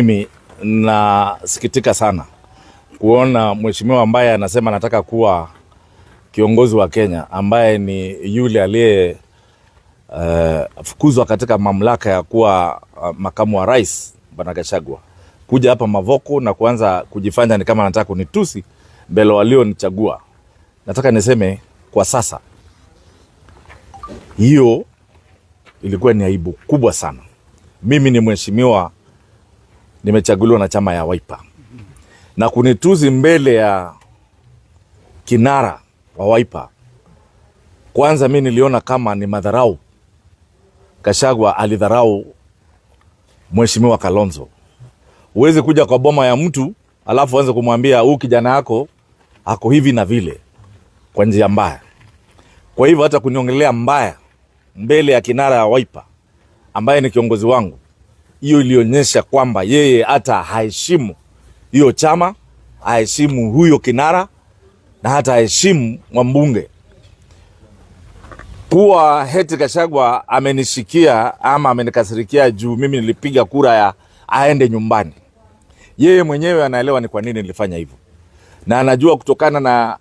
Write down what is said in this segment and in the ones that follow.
Mimi nasikitika sana kuona mheshimiwa ambaye anasema anataka kuwa kiongozi wa Kenya ambaye ni yule aliyefukuzwa eh, uh, katika mamlaka ya kuwa uh, makamu wa rais Bwana Gachagua kuja hapa Mavoko na kuanza kujifanya ni kama anataka kunitusi mbele walionichagua. Nataka niseme kwa sasa, hiyo ilikuwa ni aibu kubwa sana. Mimi ni mheshimiwa nimechaguliwa na chama ya Wiper na kunituzi mbele ya kinara wa Wiper. Kwanza mi niliona kama ni madharau. Kashagwa alidharau Mheshimiwa Kalonzo. Huwezi kuja kwa boma ya mtu alafu anze kumwambia huu kijana yako ako hivi na vile, kwa njia mbaya. Kwa hivyo hata kuniongelea mbaya mbele ya kinara ya Wiper ambaye ni kiongozi wangu hiyo ilionyesha kwamba yeye hata haheshimu hiyo chama, haheshimu huyo kinara na hata haheshimu mwambunge Kuwa Heti Kashagwa amenishikia ama amenikasirikia juu mimi nilipiga kura ya aende nyumbani. Yeye mwenyewe anaelewa ni kwa nini nilifanya hivyo, na anajua kutokana na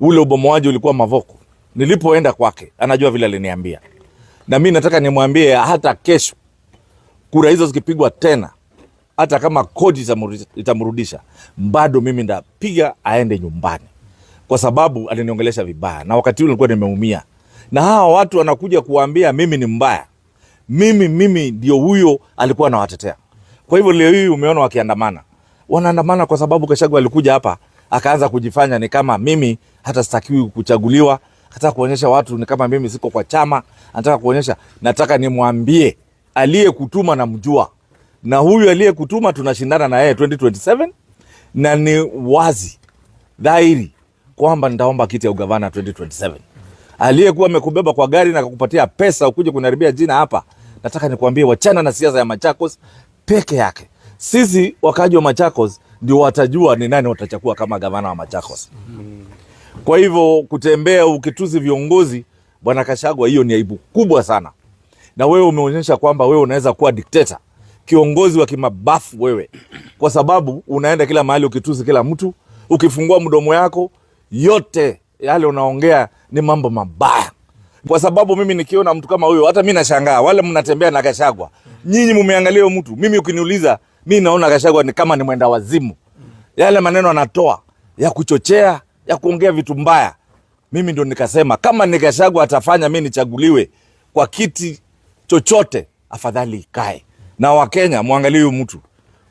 ule ubomoaji ulikuwa Mavoko, nilipoenda kwake anajua vile aliniambia, na mi nataka nimwambie hata kesho kura hizo zikipigwa tena, hata kama kodi itamrudisha, bado mimi ndapiga aende nyumbani, kwa sababu aliniongelesha vibaya, na wakati ule nilikuwa nimeumia, na hawa watu wanakuja kuambia mimi ni mbaya, mimi mimi ndio huyo alikuwa anawatetea. Kwa hivyo leo hii umeona wakiandamana, wanaandamana kwa sababu Gachagua alikuja hapa akaanza kujifanya ni kama mimi hata sitakiwi kuchaguliwa, hata kuonyesha watu ni kama mimi siko kwa chama, anataka kuonyesha, nataka nimwambie aliyekutuma namjua, na huyu aliyekutuma tunashindana na yeye 2027 na ni wazi dhahiri kwamba nitaomba kiti ya ugavana 2027. Aliyekuwa amekubeba kwa gari na kukupatia pesa ukuje kuniharibia jina hapa, nataka nikuambie, wachana na siasa ya Machakos peke yake. Sisi wakaji wa Machakos ndio watajua ni nani watachakua kama gavana wa Machakos. Kwa hivyo kutembea ukituzi viongozi, bwana Kashagwa, hiyo ni aibu kubwa sana na wewe umeonyesha kwamba wewe unaweza kuwa dikteta, kiongozi wa kimabafu wewe, kwa sababu unaenda kila mahali ukitusi kila mtu, ukifungua mdomo yako yote yale unaongea ni mambo mabaya. Kwa sababu mimi nikiona mtu kama huyo, hata mi nashangaa, wale mnatembea na Gachagua, nyinyi mumeangalia mtu. Mimi ukiniuliza, mi naona Gachagua ni kama ni mwenda wazimu. Yale maneno anatoa ya kuchochea, ya kuongea vitu mbaya. Mimi ndio nikasema kama ni Gachagua atafanya mi nichaguliwe kwa kiti chochote, afadhali ikae. Na Wakenya, mwangalie huyu mtu